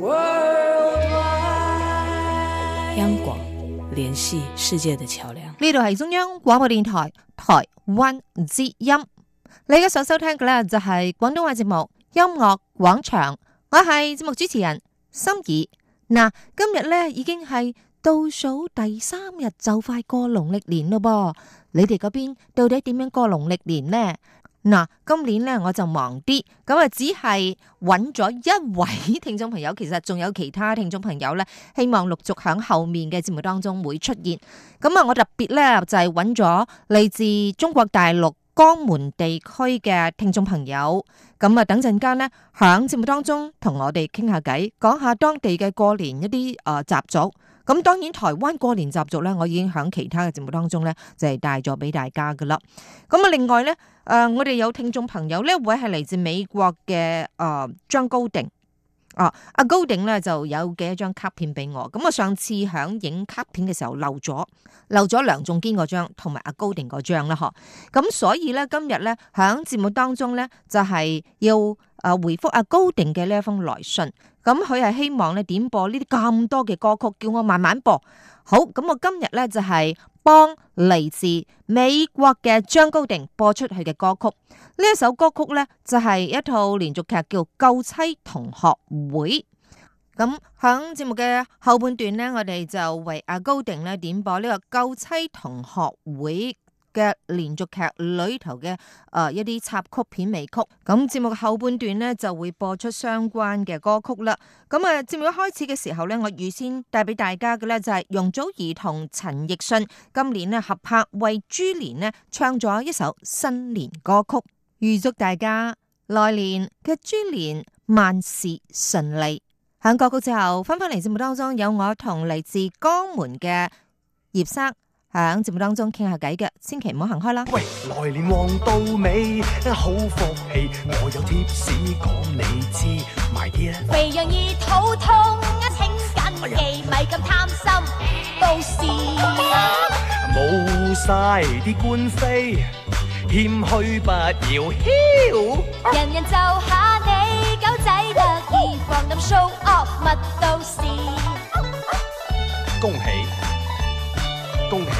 World 央廣聯繫世界的橋樑，呢度係中央廣播電台台灣之音。你而家所收聽嘅呢，就係廣東話節目《音樂廣場》，我係節目主持人心怡。嗱，今日呢已經係倒數第三日，就快過農曆年咯噃。你哋嗰邊到底點樣過農曆年呢？嗱，今年咧我就忙啲，咁啊只係搵咗一位聽眾朋友，其實仲有其他聽眾朋友咧，希望陸續響後面嘅節目當中會出現。咁啊，我特別咧就係搵咗嚟自中國大陸江門地區嘅聽眾朋友，咁啊等陣間呢，響節目當中同我哋傾下偈，講下當地嘅過年一啲誒習俗。咁當然台灣過年習俗咧，我已經響其他嘅節目當中咧就係帶咗俾大家噶啦。咁啊，另外咧。誒，uh, 我哋有聽眾朋友咧，一位係嚟自美國嘅誒張高定，啊，阿高定咧就有幾張卡片俾我，咁、啊、我上次響影卡片嘅時候漏咗，漏咗梁仲堅嗰張同埋阿高定嗰張啦，嗬、啊，咁所以咧今日咧響節目當中咧就係、是、要誒回覆阿、啊、高定嘅呢一封來信，咁佢係希望咧點播呢啲咁多嘅歌曲，叫我慢慢播，好，咁、啊、我今日咧就係、是，幫嚟自美國嘅張高定播出佢嘅歌曲，呢一首歌曲咧就係、是、一套連續劇叫《救妻同學會》。咁響節目嘅後半段咧，我哋就為阿高定咧點播呢、這個《救妻同學會》。嘅連續劇裏頭嘅誒、呃、一啲插曲、片尾曲，咁節目後半段呢就會播出相關嘅歌曲啦。咁啊，節目開始嘅時候呢，我預先帶俾大家嘅呢就係容祖兒同陳奕迅今年呢合拍為豬年呢唱咗一首新年歌曲，預祝大家來年嘅豬年萬事順利。響歌曲之後，翻返嚟節目當中有我同嚟自江門嘅葉生。喺節目當中傾下偈嘅，千祈唔好行開啦。喂，來年旺到尾，好福氣，我有貼士講你知，埋啲啊。肥羊易肚痛，請緊記，咪咁貪心，到時冇晒啲官非，謙虛不要囂。人人就下你狗仔得意，混捻 show 惡勿到時。恭喜恭喜。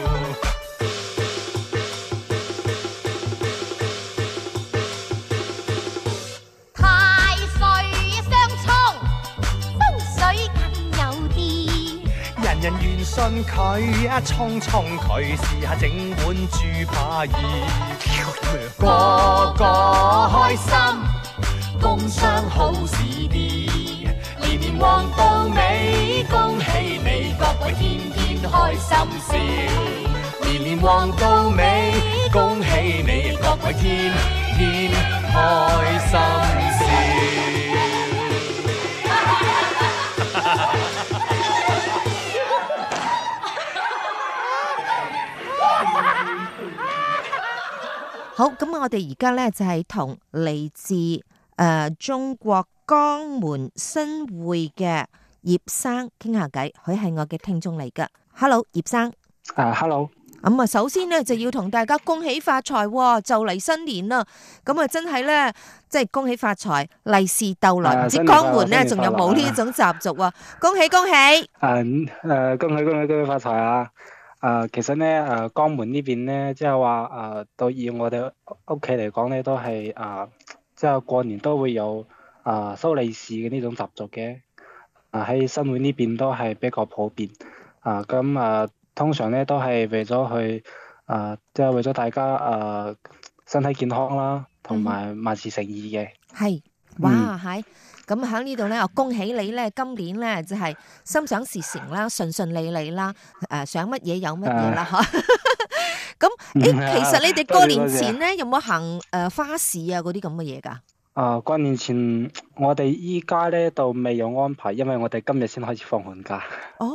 人緣信佢，一沖沖佢，試下整碗豬扒意， 個個開心，工商好市啲，年年旺到尾，恭喜你各位天天開心事。年年旺到尾，恭喜你各位天天開心事。好，咁我哋而家咧就係同嚟自誒中國江門新會嘅葉生傾下偈，佢係我嘅聽眾嚟噶。Hello，葉生。誒，Hello。咁啊，首先咧就要同大家恭喜發財、哦，就嚟新年啦。咁啊，真係咧，即係恭喜發財，利是逗來。唔知江門咧仲有冇呢一種習俗啊？恭喜恭喜。誒誒，恭喜恭喜，恭喜發財啊！啊、呃，其實咧，啊、呃、江門邊呢邊咧，即係話，啊、呃、到以我哋屋企嚟講咧，都係啊，即、呃、係、就是、過年都會有啊收利是嘅呢種習俗嘅，啊喺新會呢邊都係比較普遍，呃、啊咁啊通常咧都係為咗去啊，即、呃、係、就是、為咗大家啊、呃、身體健康啦，同埋萬事成意嘅。係、嗯，哇、嗯，係。咁喺呢度咧，我恭喜你咧，今年咧就係心想事成啦，順順利利啦，誒想乜嘢有乜嘢啦，吓，咁誒，其實你哋過年前咧有冇行誒花市啊嗰啲咁嘅嘢噶？誒，過年前我哋依家咧就未有安排，因為我哋今日先開始放寒假。哦，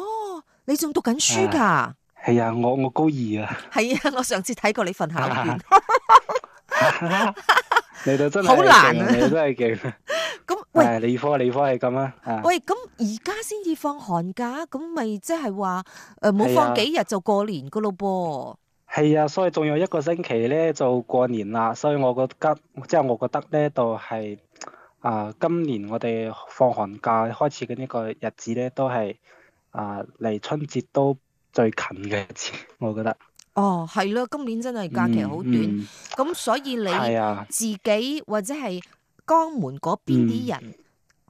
你仲讀緊書噶？係啊，我我高二啊。係啊，我上次睇過你份考卷。你哋真係好難啊，你哋真係勁。係理科，理科係咁啊！喂，咁而家先至放寒假，咁咪即係話誒，冇放幾日就過年噶咯噃？係啊，啊，所以仲有一個星期咧就過年啦。所以我覺得，即係我覺得呢度係啊，今年我哋放寒假開始嘅呢個日子咧，都係啊，離，呃，春節都最近嘅一次。我覺得。哦，係咯，啊，今年真係假期好短，咁，嗯嗯，所以你啊，自己或者係。江門嗰邊啲人、嗯、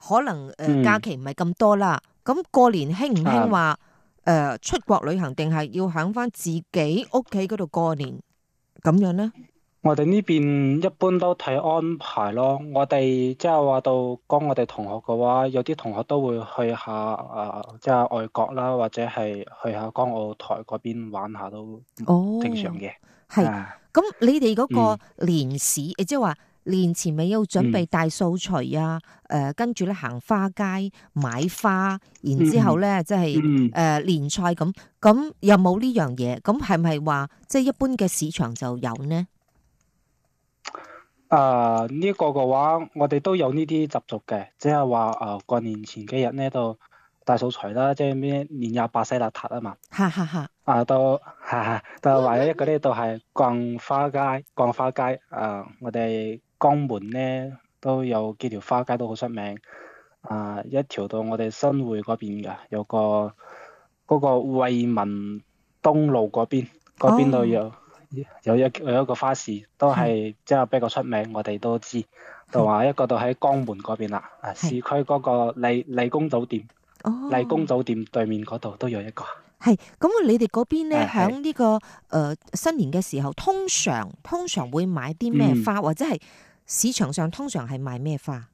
可能誒假期唔係咁多啦，咁、嗯、過年興唔興話誒出國旅行定係的要響翻自己屋企嗰度過年咁樣咧？我哋呢邊一般都睇安排咯。我哋即係話到江，我哋同學嘅話有啲同學都會去下誒、呃，即係外國啦，或者係去下港澳台嗰邊玩下都，正常嘅。係咁，啊、你哋嗰個年市誒，即係話。年前咪要準備大掃除啊！誒、嗯，跟住咧行花街買花，然之後咧即係誒年菜咁，咁有冇呢樣嘢，咁係咪係話即係一般嘅市場就有呢？啊、呃、呢、這個嘅話，我哋都有呢啲習俗嘅，即係話誒過年前幾日咧都大掃除啦，即係咩年廿八洗邋遢啊嘛！哈哈哈！啊，都哈哈，但係唯一一個呢度係逛花街，逛花街啊！我哋。江門咧都有幾條花街都好出名，啊，一條到我哋新會嗰邊噶，有個嗰、嗰個惠民東路嗰邊，嗰邊度有有一、哦、有一個花市，都係真係比較出名，是我哋都知，就話一個就喺江門嗰邊啦，啊是市區嗰個麗麗宮酒店，麗宮、哦、酒店對面嗰度都有一個。係，咁你哋嗰邊咧響呢個誒新年嘅時候，通常通常會買啲咩花、嗯、或者係？市場上通常係賣咩花？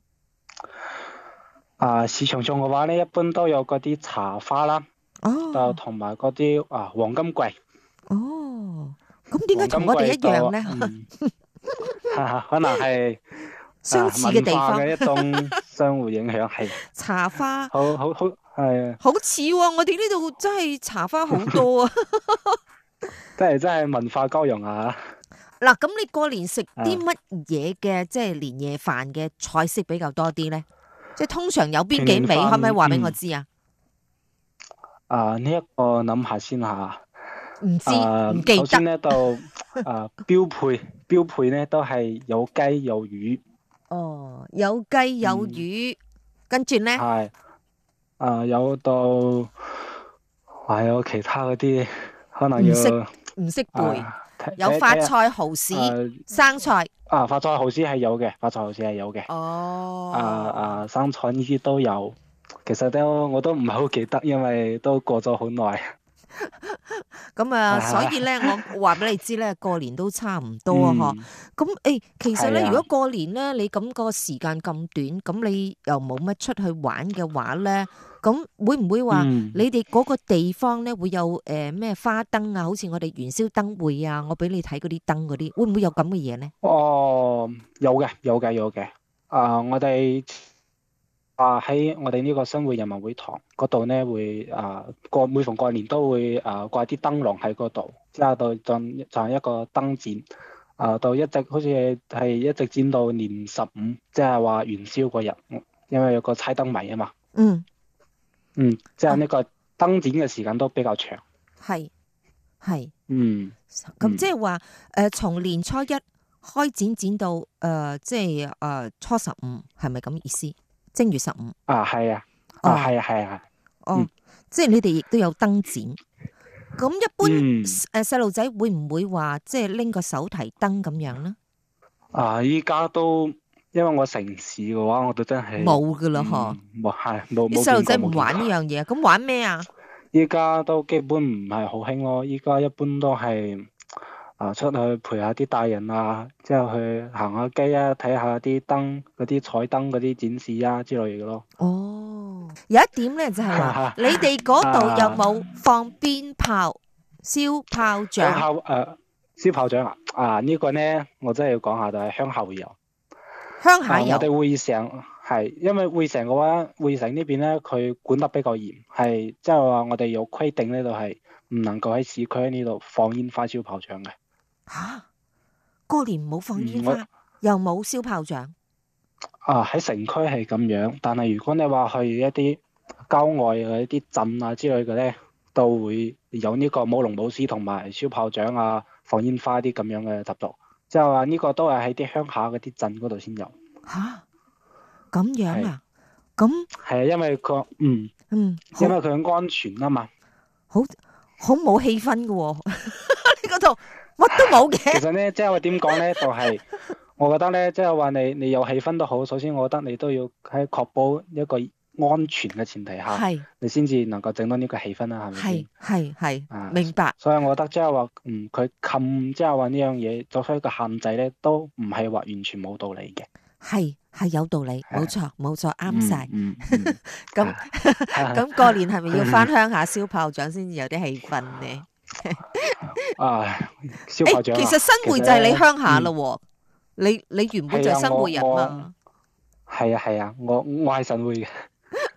啊，市場上嘅話咧，一般都有嗰啲茶花啦，就同埋嗰啲啊黃金桂。哦，咁點解同我哋一樣咧、嗯 啊？可能係相似嘅地方， 啊、一種相互影響。茶花，好好好，係啊，好似、 哦、我哋呢度真係茶花好多啊！ 真係真係文化交融啊！嗱，咁、啊、你過年食啲乜嘢嘅，嗯、即係年夜飯嘅菜式比較多啲咧？即係通常有邊幾味，可唔可以話俾我知啊、嗯？啊，呢一個諗下先吓。唔知唔記得咧，呢度，啊標配標配咧，都係有雞有魚。哦，有雞有魚，嗯、跟住咧。係。啊，有到，還、啊、有其他嗰啲，可能要。唔識，唔識背。啊有發菜蠔豉生菜啊！發菜蠔豉係有嘅，發菜蠔豉係有嘅。哦，啊啊生菜呢啲都有，其實都我都唔係好記得，因為都過咗好耐。咁 啊，所以咧，我話俾你知咧，過年都差唔多啊。嗬、嗯，咁誒，其實咧，如果過年咧，你咁個時間咁短，咁你又冇乜出去玩嘅話咧。咁會唔會話你哋嗰個地方咧、嗯、會有誒咩花燈啊？好似我哋元宵燈會啊，我俾你睇嗰啲燈嗰啲，會唔會有咁嘅嘢咧？哦，有嘅，有嘅，有嘅。啊、呃，我哋啊喺我哋呢個新會人民會堂嗰度咧，會啊過、呃、每逢過年都會啊、呃、掛啲燈籠喺嗰度，即係到就就係一個燈展。啊、呃，到一直好似係一直展到年十五，即係話元宵嗰日，因為有個猜燈謎啊嘛。嗯。嗯，即係呢個燈展嘅時間都比較長，係係，嗯，咁即係話，誒、呃，從年初一開展展到誒，即係誒初十五，係咪咁意思？正月十五啊，係啊，哦、啊，係啊，係啊，啊哦，即係、嗯哦就是、你哋亦都有燈展，咁一般誒細路仔會唔會話即係拎個手提燈咁樣咧？啊，依家都。因為我城市嘅話，我都真係冇嘅啦嗬，冇係冇冇。細路仔唔玩呢樣嘢啊？咁玩咩啊？依家都基本唔係好興咯。依家一般都係啊出去陪下啲大人啊，之後去行下街啊，睇下啲燈啲彩燈嗰啲展示啊之類嘅咯。哦，有一點咧就係、是、 你哋嗰度有冇放鞭炮，燒炮仗、炮誒、啊啊、燒炮仗啊？啊、這個、呢個咧，我真係要講下，就係鄉下有。鄉下、啊、我哋會城係，因為會城嘅話，會城邊呢邊咧，佢管得比較嚴，係即係話我哋有規定呢度係唔能夠喺市區呢度放煙花燒、燒炮仗嘅。吓，過年唔好放煙花，會又冇燒炮仗。啊，喺城區係咁樣，但係如果你話去一啲郊外嘅一啲鎮啊之類嘅咧，都會有呢個舞龍舞獅同埋燒炮仗啊、放煙花啲咁樣嘅習俗。即係話呢個都係喺啲鄉下嗰啲鎮嗰度先有吓，咁、啊、樣啊？咁係啊，嗯、因為佢嗯嗯，嗯因為佢安全啊嘛，好好冇氣氛噶喎、哦， 你嗰度乜都冇嘅。 其實咧，即係話點講咧，就係、是就是、我覺得咧，即係話你你有氣氛都好，首先我覺得你都要喺確保一個。安全嘅前提下，是你先至能夠整到呢個氣氛啦，係咪先？係係係，明白。所以我覺得即係話，嗯，佢禁即係話呢樣嘢作出一個限制咧，都唔係話完全冇道理嘅。係係有道理，冇錯冇錯，啱晒。咁咁過年係咪要返鄉下燒炮仗先至有啲氣氛呢？啊，燒炮仗。其實新會就係你鄉下啦，你你原本就係新會人嘛。係啊係啊，我我係新會嘅。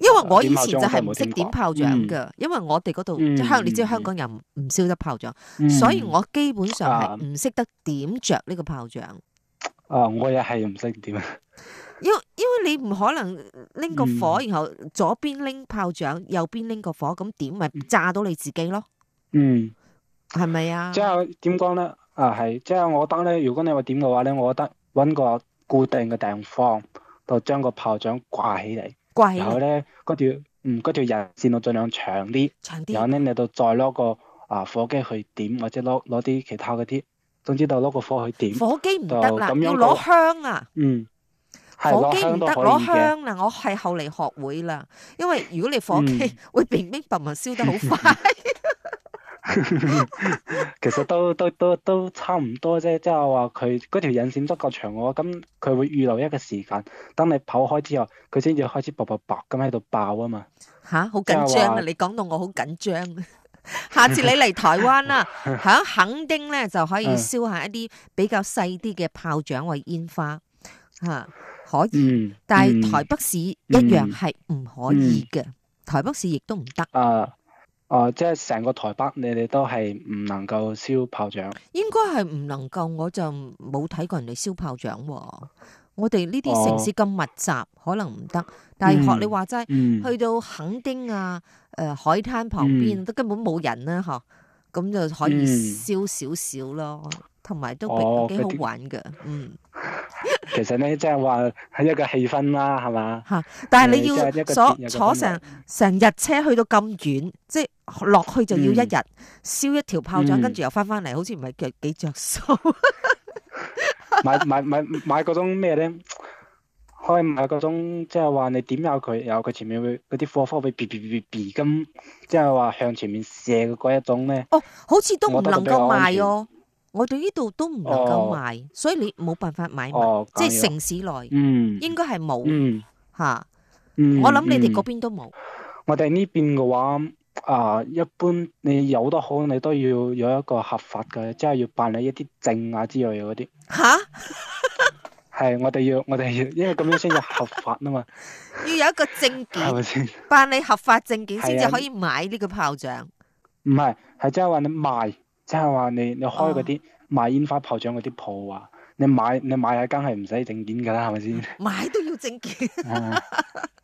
因為我以前就係唔識點炮仗噶 嗯、因為我哋嗰度香，嗯、你知道香港人唔唔燒得炮仗，嗯、所以我基本上係唔識得點着呢個炮仗。啊、嗯，我也係唔識點。因為因為你唔可能拎個火，嗯、然後左邊拎炮仗，右邊拎個火，咁點咪炸到你自己咯？嗯，係咪啊？即係點講咧？啊，係即係我覺得咧，如果你點話點嘅話咧，我覺得搵個固定嘅地方，就將個炮仗掛起嚟。然後咧，嗰條嗯嗰條人線路盡量長啲，長啲。然後咧，你就再攞個啊火機去點，或者攞攞啲其他嗰啲，總之就攞個火去點。火機唔得啦，樣，要攞香啊。嗯，火機唔得，攞香啦。我係後嚟學會啦，因為如果你火機、嗯、會平明白白燒得好快。 其實都都都都差唔多啫，即係話佢嗰條引線足夠長嘅話，咁佢會預留一個時間，等你跑開之後，佢先至開始爆爆爆咁喺度爆啊嘛。吓，好緊張啊！你講到我好緊張。下次你嚟台灣啦、啊，響墾 丁咧就可以燒下一啲比較細啲嘅炮仗或煙花，吓可以。嗯嗯、但係台北市一樣係唔可以嘅，嗯嗯、台北市亦都唔得。啊。哦，即係成個台北，你哋都係唔能夠燒炮仗？應該係唔能夠，我就冇睇過人哋燒炮仗，啊。我哋呢啲城市咁密集，哦、可能唔得。但係學你話齋，嗯嗯、去到墾丁啊，誒、呃、海灘旁邊都根本冇人啦，啊，嗬，咁就可以燒少少咯，同埋都幾好玩㗎。嗯，其實呢，即係話係一個氣氛啦，係嘛？吓， 但係你要坐坐成成日車去到咁遠，即係。落去就要一日燒一條炮仗，跟住又翻翻嚟，好似唔係幾幾着數。買買買買嗰種咩咧？可以買嗰種，即係話你點有佢，有佢前面會嗰啲貨貨會嗶嗶嗶嗶咁，即係話向前面射嘅嗰一種咧。哦，好似都唔能夠賣哦，我哋呢度都唔能夠賣，所以你冇辦法買埋，即係城市內，嗯，應該係冇，吓，我諗你哋嗰邊都冇。我哋呢邊嘅話。啊，uh, 一般你有都好，你都要有一個合法嘅，即係要辦理一啲證啊之類嗰啲。吓、啊，係 我哋要，我哋要，因為咁樣先至合法啊嘛。 要有一個證件，係咪先？辦理合法證件先至可以買呢個炮仗。唔係、啊，係即係話你賣，即係話你你開嗰啲賣煙花炮仗嗰啲鋪啊，你買你買啊，梗係唔使證件噶啦，係咪先？買都要證件。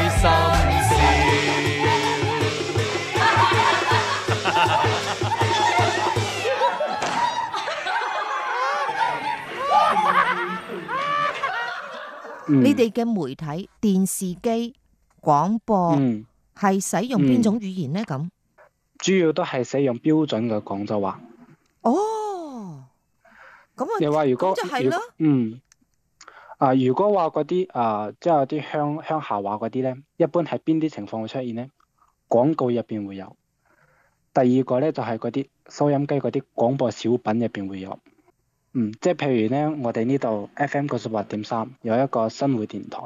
你哋嘅媒體、電視機、廣播，係使用邊種語言呢？咁、嗯嗯、主要都係使用標準嘅廣州話。哦，咁你話如果咁就係啦。嗯，啊，如果話嗰啲啊，即係啲鄉鄉下話嗰啲呢，一般喺邊啲情況會出現呢？廣告入邊會有。第二個呢，就係嗰啲收音機嗰啲廣播小品入邊會有。嗯，即係譬如咧，我哋呢度 FM 九十八點三有一個新會電台，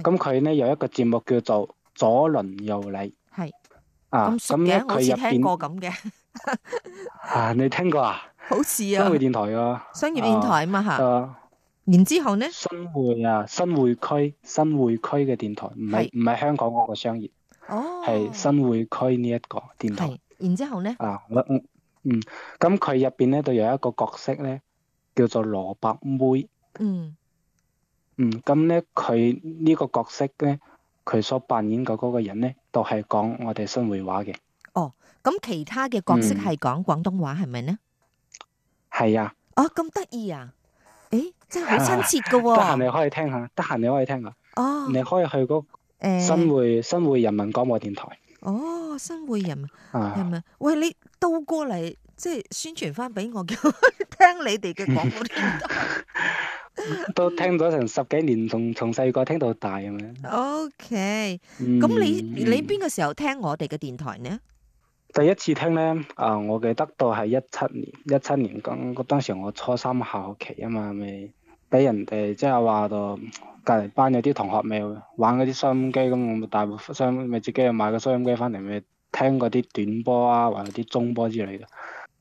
咁佢咧有一個節目叫做左鄰右里，係啊咁佢入邊過咁嘅，啊 你聽過啊？好似啊，新會電台噶商業電台嘛，哦，啊嘛吓，然之後咧，新會啊新會區新會區嘅電台唔係唔係香港嗰個商業，哦係新會區呢一個電台，然之後咧啊我嗯，咁佢入邊咧就有一個角色咧。呢叫做蘿蔔妹，嗯，嗯，咁咧佢呢個角色咧，佢所扮演嘅嗰個人咧，就係講我哋新會話嘅。哦，咁其他嘅角色係講廣東話係咪、嗯、呢？係啊。哦、啊，咁得意啊！誒，真係好親切噶。得閒你可以聽下，得閒你可以聽下。哦，你可以去嗰新會、欸、新會人民廣播電台。哦，新會人民，係咪啊，人喂，你都過嚟。即係宣傳翻俾我 聽你哋嘅廣告，都聽咗成十幾年，從從細個聽到大咁樣。O K，咁你你邊個時候聽我哋嘅電台呢？第一次聽呢，啊、呃，我記得到係一七年，一七年咁當時我初三下學期啊嘛，咪俾人哋即係話到隔籬班有啲同學咪玩嗰啲收音機，咁我大部分收咪自己又買個收音機翻嚟，咪聽嗰啲短波啊，或者啲中波之類嘅。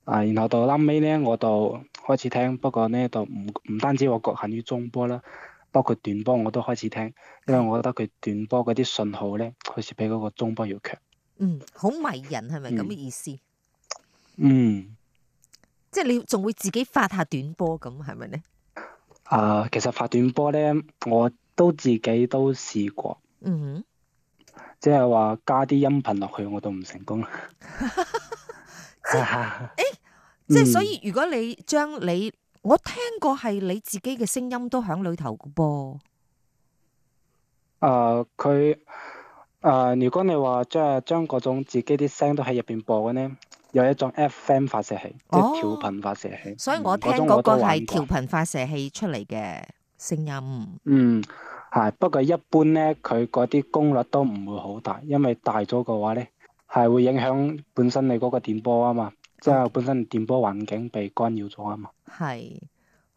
啊，然後到後尾咧，我就開始聽，呢不過咧就唔唔單止我局限於中波啦，包括短波我都開始聽，因為我覺得佢短波嗰啲信號咧，好似比嗰個中波要強。嗯，好迷人係咪咁嘅意思？嗯，即係你仲會自己發下短波咁係咪咧？啊、呃，其實發短波咧，我都自己都試過。嗯哼，即係話加啲音頻落去，我都唔成功啦。誒、 哎！即係、嗯、所以如果你、呃呃，如果你將你我聽過係你自己嘅聲音都響裏頭嘅噃。誒，佢誒，如果你話即係將嗰種自己啲聲都喺入邊播嘅呢，有一種 FM 發射器，即係調頻發射器。哦、嗯、所以我聽嗰個係調頻發射器出嚟嘅聲音。嗯，係。不過一般呢，佢嗰啲功率都唔會好大，因為大咗嘅話咧，係會影響本身你嗰個電波啊嘛。即係本身電波環境被干擾咗啊嘛，係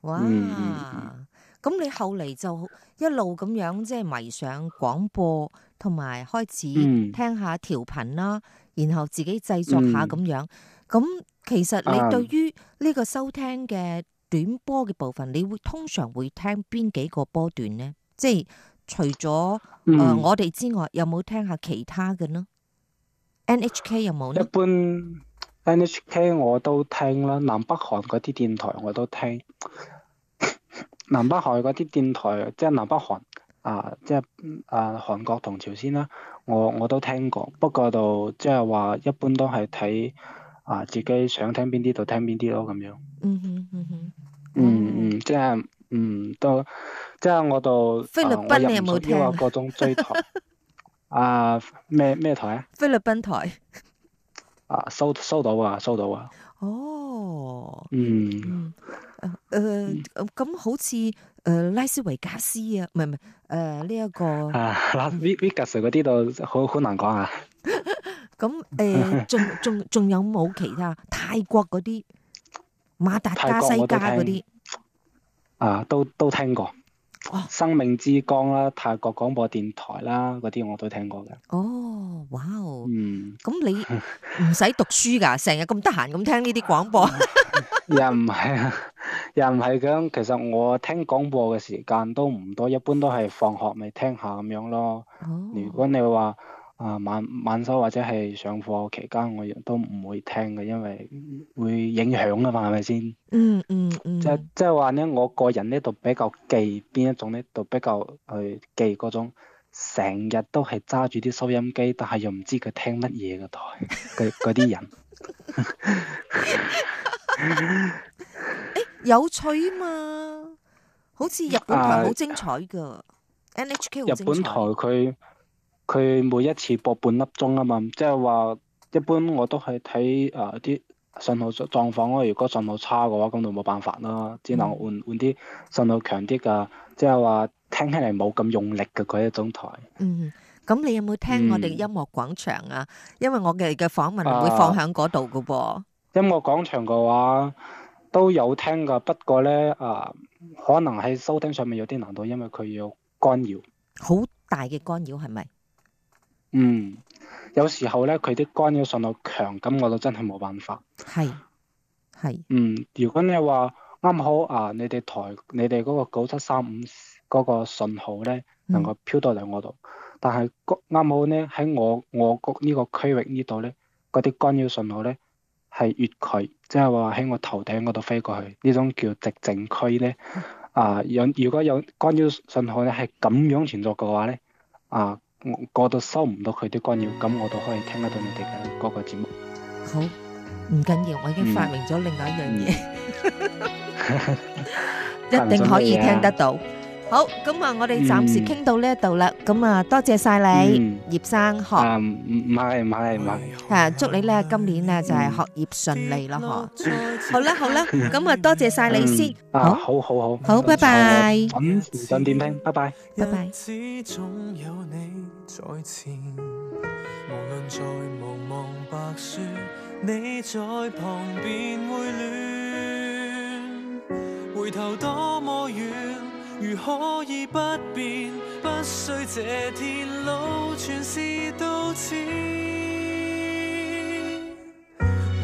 哇，咁、嗯嗯、你後嚟就一路咁樣即係、就是、迷上廣播，同埋開始聽下調頻啦，嗯、然後自己製作下咁樣。咁、嗯、其實你對於呢個收聽嘅短波嘅部分，嗯、你會通常會聽邊幾個波段呢？即、就、係、是、除咗誒、嗯呃、我哋之外，有冇聽下其他嘅呢？NHK 有冇呢？有有呢一般。N H K 我都聽啦，南北韓嗰啲電台我都聽。 南北韓嗰啲電台，即係南北韓啊，即係啊韓國同朝鮮啦，我我都聽過。不過就即係話，一般都係睇啊自己想聽邊啲就聽邊啲咯，咁樣。Mm hmm. mm hmm. 嗯嗯哼，嗯嗯，即係嗯都即係我度菲律賓你有冇聽過？各種追台啊咩咩台啊？台菲律賓台。啊，收收到啊，收到啊。到哦，嗯，誒咁、呃呃呃、好似誒、呃、拉斯維加斯啊，唔係唔係，誒呢一個啊，拉斯維加斯嗰啲度好好難講啊。咁誒、 嗯，仲仲仲有冇其他泰國嗰啲馬達加西加嗰啲啊？都都聽過。哦，生命之光啦，泰國廣播電台啦，嗰啲我都聽過嘅。哦，哇哦，嗯，咁你唔使讀書㗎，成日咁得閒咁聽呢啲廣播？又唔係啊，又唔係咁。其實我聽廣播嘅時間都唔多，一般都係放學咪聽下咁樣咯。哦，如果你話，啊晚晚修或者係上課期間，我亦都唔會聽嘅，因為會影響啊嘛，係咪先？嗯嗯嗯。即即係話咧，我個人咧，就比較忌邊一種咧，就比較去忌嗰種成日都係揸住啲收音機，但係又唔知佢聽乜嘢嘅台，佢啲人。誒、 欸，有趣嘛？好似日本台好精彩噶，NHK 好精彩。日本台佢。佢每一次播半粒鐘啊嘛，即係話一般我都係睇啊啲信號狀狀況咯。如果信號差嘅話，咁就冇辦法啦，只能換換啲信號強啲㗎，即係話聽起嚟冇咁用力嘅嗰一種台。嗯，咁你有冇聽我哋音樂廣場啊？嗯、因為我哋嘅訪問會放響嗰度噶噃。音樂廣場嘅話都有聽噶，不過咧啊、呃，可能喺收聽上面有啲難度，因為佢要干擾。好大嘅干擾係咪？是。嗯，有時候咧，佢啲干擾信號強，咁我就真係冇辦法。係係嗯，如果你話啱好啊，你哋台你哋嗰個九七三五嗰個信號咧，能夠飄到嚟我度，嗯、但係啱好咧喺我我個區呢個區域呢度咧，嗰啲干擾信號咧係越佢，即係話喺我頭頂嗰度飛過去呢種叫直靜區咧。啊，有如果有干擾信號咧係咁樣存在嘅話咧，啊。我都收唔到佢啲干擾，咁我就可以聽得到你哋嘅嗰個節目。好，唔緊要，我已經發明咗另外一樣嘢， 一定可以聽得到。好，咁啊，我哋暫時傾到呢一度啦，咁啊，多謝晒你，葉生學。啊，唔係唔係唔係，啊，祝你咧今年啊就係學業順利咯，嗬。好啦好啦，咁啊，多謝晒你先。啊，好好好。好，拜拜。咁唔准點聽，拜拜拜拜。如可以不變，不需這天路全是到此。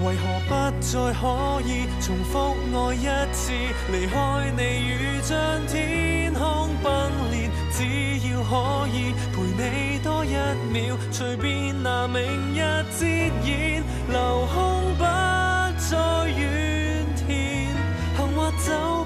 為何不再可以重複愛一次？離開你如像天空崩裂，只要可以陪你多一秒，隨便拿明日折現，留空不再怨天，行或走。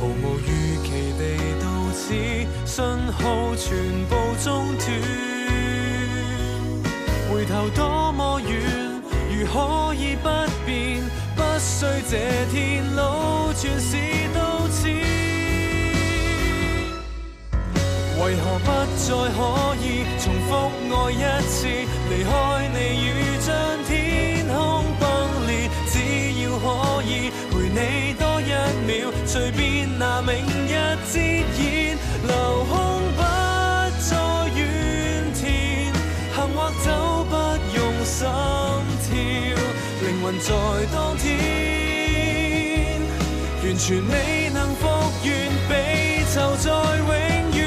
毫無預期地到此，信號全部中斷。回頭多麼遠，如可以不變，不需這天路全是到此。為何不再可以重複愛一次？離開你遠。在當天，完全未能復原，比就在永遠。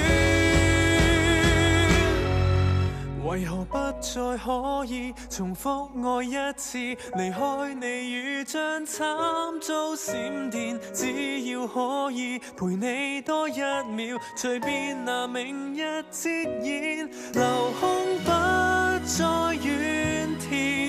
為何不再可以重複愛一次？離開你如將慘遭閃電，只要可以陪你多一秒，隨便拿明日折現，留空不再怨天。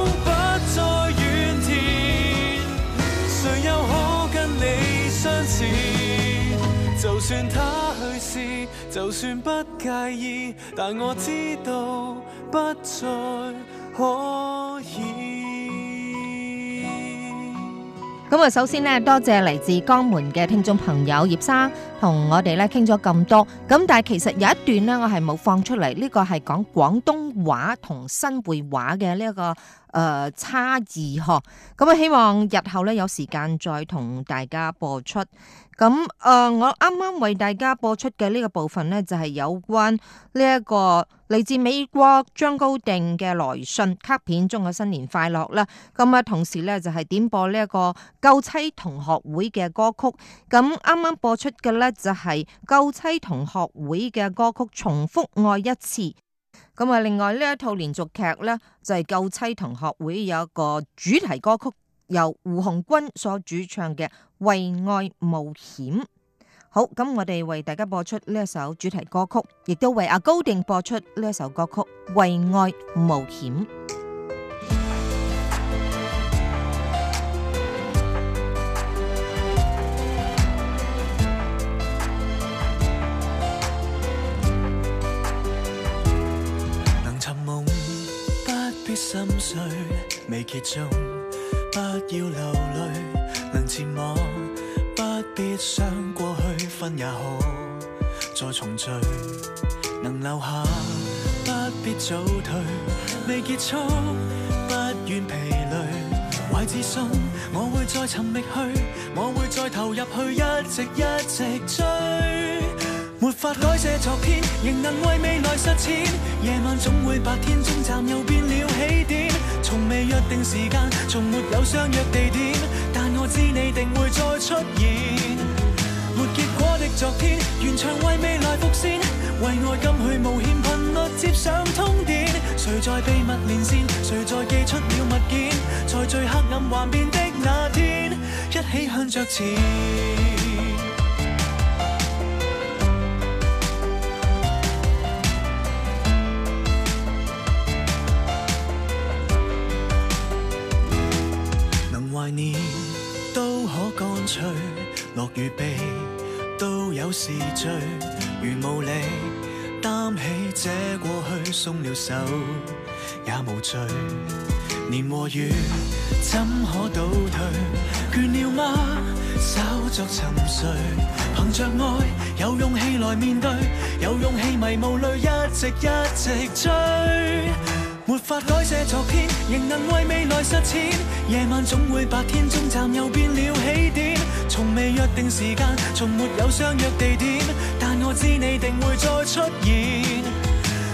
就算他去試，就算不介意，但我知道不再可以。咁啊，首先呢，多謝嚟自江門嘅聽眾朋友葉生，同我哋咧傾咗咁多。咁但係其實有一段咧，我係冇放出嚟。呢個係講廣東話同新會話嘅呢一個。誒、呃，差異嗬，咁啊，希望日後咧，有時間再同大家播出。咁、嗯、誒、呃，我啱啱為大家播出嘅呢個部分呢，就係有關呢一個嚟自美國張高定嘅來信卡片中嘅新年快樂啦。咁、嗯、啊，同時呢，就係點播呢一個救妻同學會嘅歌曲。咁啱啱播出嘅呢，就係救妻同學會嘅歌曲《重複愛一次》。咁啊，另外呢一套連續劇咧，就係《救妻同學會》有一個主題歌曲，由胡鴻鈞所主唱嘅《為愛冒險》。好，咁我哋為大家播出呢一首主題歌曲，亦都為阿高定播出呢一首歌曲《為愛冒險》。心碎未結束，不要流淚，能前往，不必想過去，分也好，再重聚，能留下，不必早退，未結束，不願疲累，懷自信，我會再尋覓去，我會再投入去，一直一直追。沒法改寫昨天，仍能為未來實踐。夜晚總會白天終站，又變了起點。從未約定時間，從沒有相約地點，但我知你定會再出現。沒結果的昨天，原唱為未來伏線。為愛今去冒險，頻率接上通電。誰在秘密連線？誰在寄出了物件？在最黑暗幻變的那天，一起向着前。預備都有時序，如無力擔起這過去，鬆了手也無罪。年和月怎可倒退？倦了嗎？稍作沉睡，憑着愛有勇氣來面對，有勇氣迷霧裏一直一直追。沒法改寫昨天，仍能為未來實踐。夜晚總會白天終站，又變了起點。從未約定時間，從沒有相約地點，但我知你定會再出現。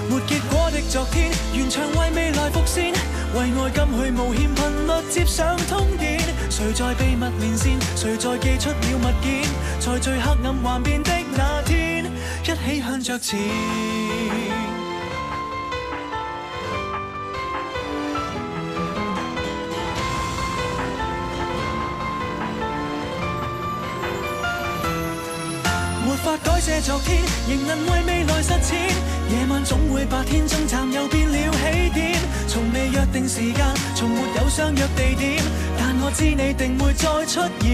沒結果的昨天，原唱為未來伏線。為愛今去冒險，頻率接上通電。誰在秘密連線？誰在寄出了物件？在最黑暗幻變的那天，一起向着前。無法改寫昨天，仍能為未來實踐。夜晚總會白天中站，又變了起點。從未約定時間，從沒有相約地點，但我知你定會再出現。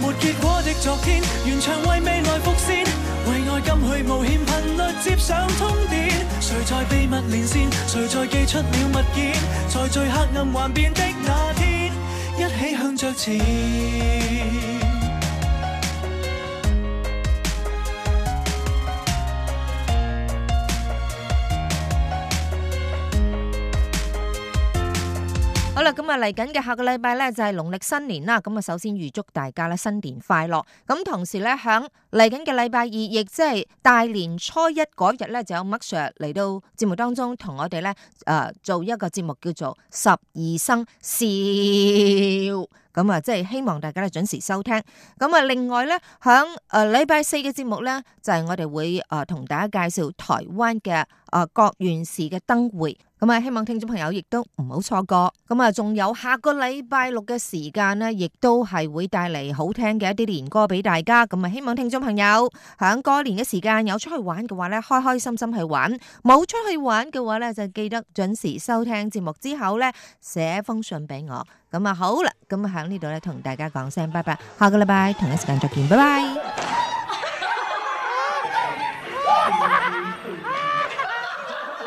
沒結果的昨天，原唱為未來伏線。為愛今去冒險，頻率接上通電。誰在秘密連線？誰在寄出了物件？在最黑暗幻變的那天，一起向着前。咁啊，嚟緊嘅下個禮拜咧就係農曆新年啦。咁啊，首先預祝大家咧新年快樂。咁同時咧，響嚟緊嘅禮拜二，亦即係大年初一嗰日咧，就有 Mark Sir 嚟到節目當中同我哋咧誒做一個節目叫做十二生肖。咁啊，即係希望大家咧準時收聽。咁啊，另外咧，響誒禮拜四嘅節目咧，就係、是、我哋會誒同大家介紹台灣嘅誒國元時嘅燈會。咁啊，希望聽眾朋友亦都唔好錯過。咁啊，仲有下個禮拜六嘅時間咧，亦都係會帶嚟好聽嘅一啲年歌俾大家。咁啊，希望聽眾朋友響過年嘅時間有出去玩嘅話咧，開開心心去玩；冇出去玩嘅話咧，就記得準時收聽節目之後咧，寫封信俾我。咁啊、嗯、好啦，咁響呢度咧同大家講聲拜拜，下個禮拜同一時間再見，拜拜。